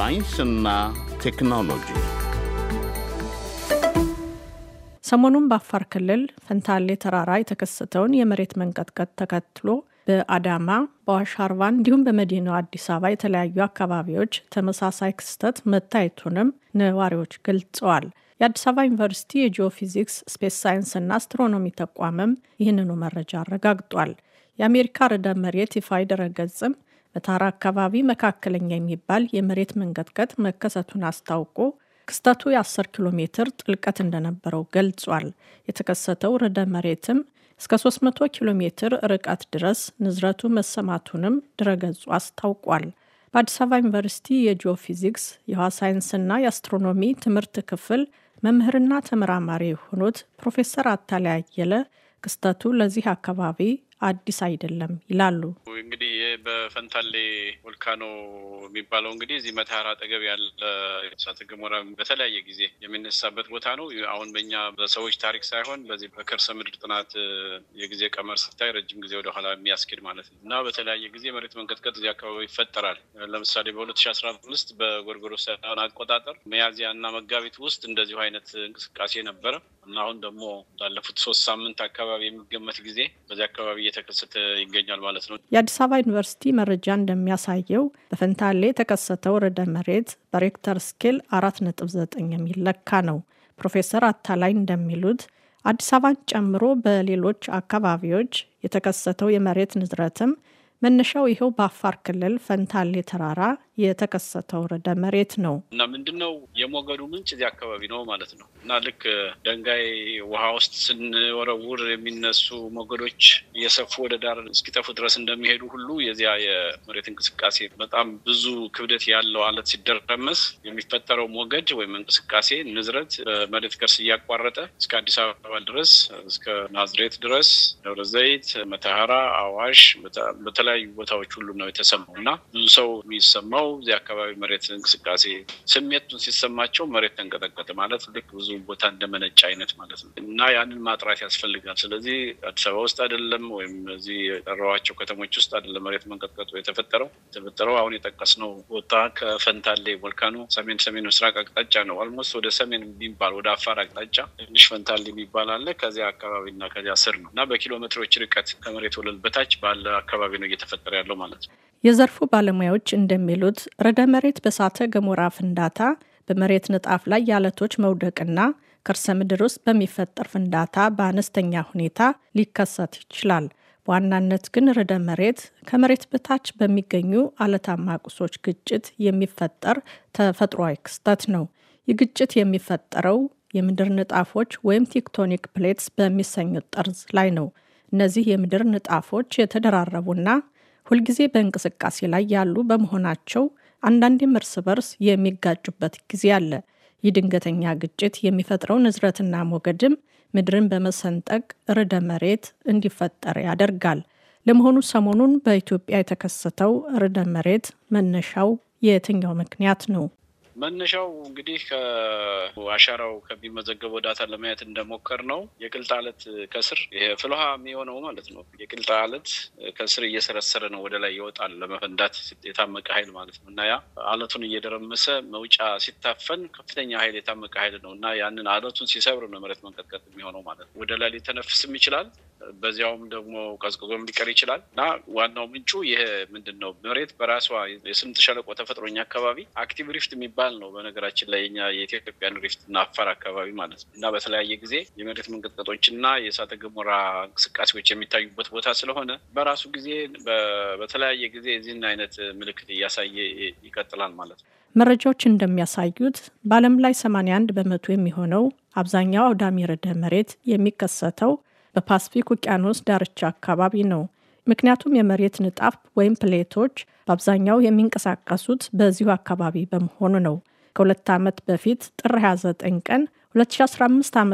ሳይንስና ቴክኖሎጂ ሰሞኑን በአፋር ክልል ፈንታሌ ተራራ የተከሰተውን የመሬት መንቀጥቀጥ ተከትሎ በአዳማ በዋሻርባ እንዲሁም በመዲናው አዲስ አበባ የተለያዩ አካባቢዎች ተመሳሳይ ክስተት መታየቱንም ነዋሪዎች ገልጸዋል። የአዲስ አበባ ዩኒቨርሲቲ የጂኦፊዚክስ ስፔስ እና አስትሮኖሚ ተቋምም ይህንኑ መረጃ አረጋግጧል። የአሜሪካ ርዕደ መሬት ይፋ ድረገጽም በታራ አካባቢ መካከለኛ የሚባል የመሬት መንቀጥቀጥ መከሰቱን አስታውቆ ክስተቱ የ10 ኪሎ ሜትር ጥልቀት እንደነበረው ገልጿል። የተከሰተው ርዕደ መሬትም እስከ 300 ኪሎ ሜትር ርቀት ድረስ ንዝረቱ መሰማቱንም ድረገጹ አስታውቋል። በአዲስ አበባ ዩኒቨርሲቲ የጂኦፊዚክስ የውሃ ሳይንስና የአስትሮኖሚ ትምህርት ክፍል መምህርና ተመራማሪ የሆኑት ፕሮፌሰር አታላይ አየለ ክስተቱ ለዚህ አካባቢ አዲስ አይደለም ይላሉ። እንግዲህ ይህ በፈንታሌ ቮልካኖ የሚባለው እንግዲህ እዚህ መተሃራ አጠገብ ያለ እሳተ ገሞራ በተለያየ ጊዜ የሚነሳበት ቦታ ነው። አሁን በኛ በሰዎች ታሪክ ሳይሆን በዚህ በከርሰ ምድር ጥናት የጊዜ ቀመር ስታይ ረጅም ጊዜ ወደኋላ የሚያስኬድ ማለት ነው እና በተለያየ ጊዜ መሬት መንቀጥቀጥ እዚህ አካባቢ ይፈጠራል። ለምሳሌ በ2015 በጎርጎሮሳውያን አቆጣጠር ሚያዝያ እና መጋቢት ውስጥ እንደዚሁ አይነት እንቅስቃሴ ነበረ እና አሁን ደግሞ ላለፉት ሶስት ሳምንት አካባቢ የሚገመት ጊዜ በዚህ አካባቢ እየተከሰተ ይገኛል ማለት ነው። የአዲስ አበባ ዩኒቨርሲቲ መረጃ እንደሚያሳየው በፈንታሌ የተከሰተው ርዕደ መሬት በሬክተር ስኬል አራት ነጥብ ዘጠኝ የሚለካ ነው። ፕሮፌሰር አታላይ እንደሚሉት አዲስ አበባን ጨምሮ በሌሎች አካባቢዎች የተከሰተው የመሬት ንዝረትም መነሻው ይኸው በአፋር ክልል ፈንታሌ ተራራ የተከሰተው ርዕደ መሬት ነው እና ምንድነው ነው የሞገዱ ምንጭ እዚህ አካባቢ ነው ማለት ነው እና ልክ ደንጋይ ውሃ ውስጥ ስንወረውር የሚነሱ ሞገዶች እየሰፉ ወደ ዳር እስኪጠፉ ድረስ እንደሚሄዱ ሁሉ የዚያ የመሬት እንቅስቃሴ በጣም ብዙ ክብደት ያለው አለት ሲደረመስ የሚፈጠረው ሞገድ ወይም እንቅስቃሴ ንዝረት በመሬት ቅርስ እያቋረጠ እስከ አዲስ አበባ ድረስ እስከ ናዝሬት ድረስ ደብረ ዘይት፣ መተሐራ፣ አዋሽ በተለያዩ ቦታዎች ሁሉ ነው የተሰማው እና ብዙ ሰው የሚሰማው ነው አካባቢ መሬት እንቅስቃሴ ስሜቱን ሲሰማቸው መሬት ተንቀጠቀጠ ማለት ልክ ብዙ ቦታ እንደመነጭ አይነት ማለት ነው እና ያንን ማጥራት ያስፈልጋል። ስለዚህ አዲስ አበባ ውስጥ አይደለም ወይም እዚህ የጠራኋቸው ከተሞች ውስጥ አይደለም መሬት መንቀጥቀጡ የተፈጠረው የተፈጠረው አሁን የጠቀስነው ቦታ ከፈንታሌ ቮልካኖ ሰሜን ሰሜን ምስራቅ አቅጣጫ ነው። አልሞስት ወደ ሰሜን የሚባል ወደ አፋር አቅጣጫ ትንሽ ፈንታሌ የሚባል አለ። ከዚያ አካባቢ እና ከዚያ ስር ነው እና በኪሎ ሜትሮች ርቀት ከመሬት ወለል በታች ባለ አካባቢ ነው እየተፈጠረ ያለው ማለት ነው። የዘርፉ ባለሙያዎች እንደሚሉ የሚሉት ረደ መሬት በእሳተ ገሞራ ፍንዳታ፣ በመሬት ንጣፍ ላይ የአለቶች መውደቅና ከርሰ ምድር ውስጥ በሚፈጠር ፍንዳታ በአነስተኛ ሁኔታ ሊከሰት ይችላል። በዋናነት ግን ርዕደ መሬት ከመሬት በታች በሚገኙ አለታማ ቁሶች ግጭት የሚፈጠር ተፈጥሯዊ ክስተት ነው። ይህ ግጭት የሚፈጠረው የምድር ንጣፎች ወይም ቴክቶኒክ ፕሌትስ በሚሰኙት ጠርዝ ላይ ነው። እነዚህ የምድር ንጣፎች የተደራረቡና ሁልጊዜ በእንቅስቃሴ ላይ ያሉ በመሆናቸው አንዳንዴም እርስ በርስ የሚጋጩበት ጊዜ አለ። ይህ ድንገተኛ ግጭት የሚፈጥረው ንዝረትና ሞገድም ምድርን በመሰንጠቅ ርዕደ መሬት እንዲፈጠር ያደርጋል። ለመሆኑ ሰሞኑን በኢትዮጵያ የተከሰተው ርዕደ መሬት መነሻው የትኛው ምክንያት ነው? መነሻው እንግዲህ ከአሻራው ከሚመዘገበው ዳታ ለማየት እንደሞከር ነው የቅልጥ አለት ከስር ፍልሃ የሚሆነው ማለት ነው። የቅልጥ አለት ከስር እየሰረሰረ ነው ወደ ላይ ይወጣል ለመፈንዳት የታመቀ ሀይል ማለት ነው እና ያ አለቱን እየደረመሰ መውጫ ሲታፈን ከፍተኛ ኃይል የታመቀ ኃይል ነው እና ያንን አለቱን ሲሰብር ነው መሬት መንቀጥቀጥ የሚሆነው ማለት ነው። ወደ ላይ ሊተነፍስም ይችላል። በዚያውም ደግሞ ቀዝቅዞም ሊቀር ይችላል እና ዋናው ምንጩ ይሄ ምንድን ነው መሬት በራሷ የስምት ሸለቆ ተፈጥሮኛ አካባቢ አክቲቭ ሪፍት የሚባል ቀላል ነው። በነገራችን ላይ ኛ የኢትዮጵያን ሪፍት እና አፋር አካባቢ ማለት ነው እና በተለያየ ጊዜ የመሬት መንቀጥቀጦች እና የእሳተ ገሞራ እንቅስቃሴዎች የሚታዩበት ቦታ ስለሆነ በራሱ ጊዜ በተለያየ ጊዜ የዚህን አይነት ምልክት እያሳየ ይቀጥላል ማለት ነው። መረጃዎች እንደሚያሳዩት በዓለም ላይ 81 በመቶ የሚሆነው አብዛኛው አውዳሚ ርዕደ መሬት የሚከሰተው በፓስፊክ ውቅያኖስ ዳርቻ አካባቢ ነው። ምክንያቱም የመሬት ንጣፍ ወይም ፕሌቶች በአብዛኛው የሚንቀሳቀሱት በዚሁ አካባቢ በመሆኑ ነው። ከሁለት ዓመት በፊት ጥር 29 ቀን 2015 ዓ ም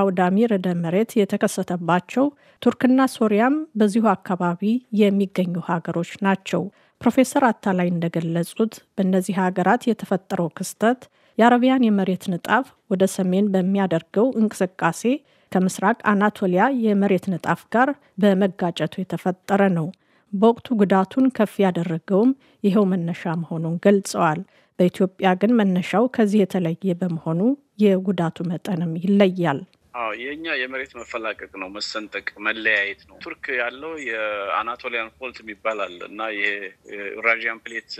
አውዳሚ ርዕደ መሬት የተከሰተባቸው ቱርክና ሶሪያም በዚሁ አካባቢ የሚገኙ ሀገሮች ናቸው። ፕሮፌሰር አታላይ እንደገለጹት በእነዚህ ሀገራት የተፈጠረው ክስተት የአረቢያን የመሬት ንጣፍ ወደ ሰሜን በሚያደርገው እንቅስቃሴ ከምስራቅ አናቶሊያ የመሬት ንጣፍ ጋር በመጋጨቱ የተፈጠረ ነው። በወቅቱ ጉዳቱን ከፍ ያደረገውም ይኸው መነሻ መሆኑን ገልጸዋል። በኢትዮጵያ ግን መነሻው ከዚህ የተለየ በመሆኑ የጉዳቱ መጠንም ይለያል። አዎ የእኛ የመሬት መፈላቀቅ ነው፣ መሰንጠቅ፣ መለያየት ነው። ቱርክ ያለው የአናቶሊያን ፎልት የሚባል አለ እና የዩራዥያን ፕሌት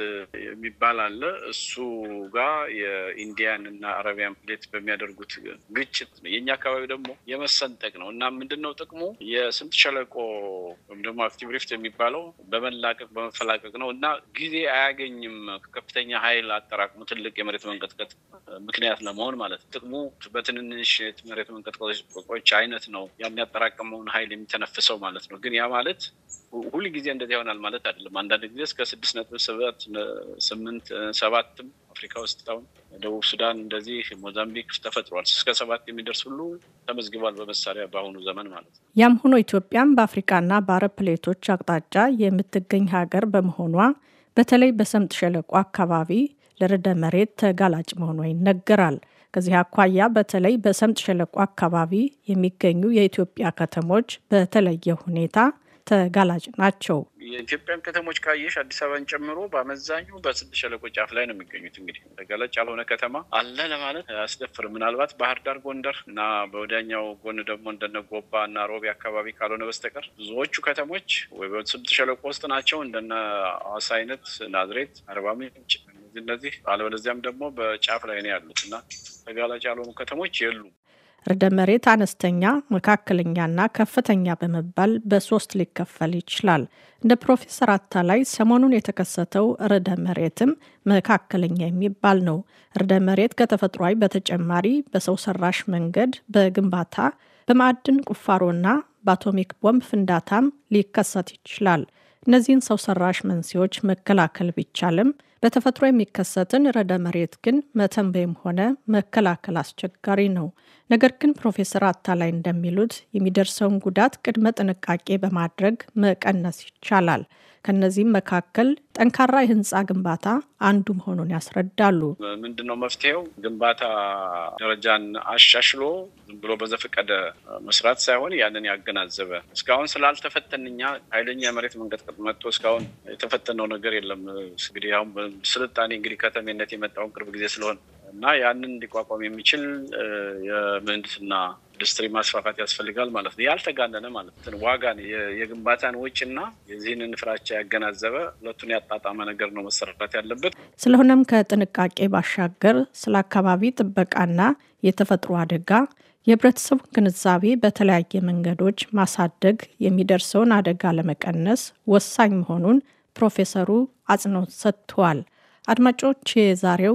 የሚባል አለ። እሱ ጋር የኢንዲያን እና አረቢያን ፕሌት በሚያደርጉት ግጭት ነው። የእኛ አካባቢ ደግሞ የመሰንጠቅ ነው እና ምንድን ነው ጥቅሙ? የስምጥ ሸለቆ ወይም ደግሞ አክቲቭ ሪፍት የሚባለው በመላቀቅ በመፈላቀቅ ነው እና ጊዜ አያገኝም ከፍተኛ ኃይል አጠራቅሙ ትልቅ የመሬት መንቀጥቀጥ ምክንያት ለመሆን ማለት ነው። ጥቅሙ በትንንሽ መሬት መንቀጥቀጥ ቆጭ አይነት ነው የሚያጠራቀመውን ሀይል የሚተነፍሰው ማለት ነው። ግን ያ ማለት ሁል ጊዜ እንደዚህ ይሆናል ማለት አይደለም። አንዳንድ ጊዜ እስከ ስድስት ነጥብ ስበት ስምንት ሰባትም አፍሪካ ውስጥ ሁን ደቡብ ሱዳን እንደዚህ ሞዛምቢክ ተፈጥሯል። እስከ ሰባት የሚደርስ ሁሉ ተመዝግቧል በመሳሪያ በአሁኑ ዘመን ማለት ነው። ያም ሆኖ ኢትዮጵያም በአፍሪካና በአረብ ፕሌቶች አቅጣጫ የምትገኝ ሀገር በመሆኗ በተለይ በሰምጥ ሸለቆ አካባቢ ለርዕደ መሬት ተጋላጭ መሆኗ ይነገራል። ከዚህ አኳያ በተለይ በሰምጥ ሸለቆ አካባቢ የሚገኙ የኢትዮጵያ ከተሞች በተለየ ሁኔታ ተጋላጭ ናቸው። የኢትዮጵያን ከተሞች ካየሽ አዲስ አበባን ጨምሮ በአመዛኙ በስምጥ ሸለቆ ጫፍ ላይ ነው የሚገኙት። እንግዲህ ተጋላጭ ያልሆነ ከተማ አለ ለማለት አያስደፍርም። ምናልባት ባህር ዳር፣ ጎንደር እና በወዳኛው ጎን ደግሞ እንደነ ጎባ እና ሮቢ አካባቢ ካልሆነ በስተቀር ብዙዎቹ ከተሞች ወይ በስምጥ ሸለቆ ውስጥ ናቸው። እንደነ አዋሳ አይነት፣ ናዝሬት፣ አርባ ምንጭ እነዚህ እነዚህ አለበለዚያም ደግሞ በጫፍ ላይ ነው ያሉት እና ተጋላጭ ያልሆኑ ከተሞች የሉም። እርደ መሬት አነስተኛ፣ መካከለኛና ከፍተኛ በመባል በሶስት ሊከፈል ይችላል። እንደ ፕሮፌሰር አታላይ ሰሞኑን የተከሰተው እርደ መሬትም መካከለኛ የሚባል ነው። እርደ መሬት ከተፈጥሯዊ በተጨማሪ በሰው ሰራሽ መንገድ በግንባታ በማዕድን ቁፋሮና በአቶሚክ ቦምብ ፍንዳታም ሊከሰት ይችላል። እነዚህን ሰው ሰራሽ መንስኤዎች መከላከል ቢቻልም በተፈጥሮ የሚከሰትን ረደ መሬት ግን መተንበይም ሆነ መከላከል አስቸጋሪ ነው። ነገር ግን ፕሮፌሰር አታላይ እንደሚሉት የሚደርሰውን ጉዳት ቅድመ ጥንቃቄ በማድረግ መቀነስ ይቻላል። ከነዚህም መካከል ጠንካራ የህንፃ ግንባታ አንዱ መሆኑን ያስረዳሉ። ምንድነው መፍትሄው? ግንባታ ደረጃን አሻሽሎ ዝም ብሎ በዘፈቀደ መስራት ሳይሆን ያንን ያገናዘበ እስካሁን ስላልተፈተን እኛ ኃይለኛ የመሬት መንቀጥቀጥ መጥቶ እስካሁን የተፈተነው ነገር የለም። እንግዲህ ስልጣኔ እንግዲህ ከተሜነት የመጣውን ቅርብ ጊዜ ስለሆን እና ያንን እንዲቋቋም የሚችል የምህንድስና ኢንዱስትሪ ማስፋፋት ያስፈልጋል ማለት ነው። ያልተጋነነ ማለት ነው። ዋጋን የግንባታን ወጪና የዚህንን ፍራቻ ያገናዘበ ሁለቱን ያጣጣመ ነገር ነው መሰራት ያለበት። ስለሆነም ከጥንቃቄ ባሻገር ስለ አካባቢ ጥበቃና የተፈጥሮ አደጋ የህብረተሰቡን ግንዛቤ በተለያየ መንገዶች ማሳደግ የሚደርሰውን አደጋ ለመቀነስ ወሳኝ መሆኑን ፕሮፌሰሩ አጽንኦት ሰጥተዋል። አድማጮች የዛሬው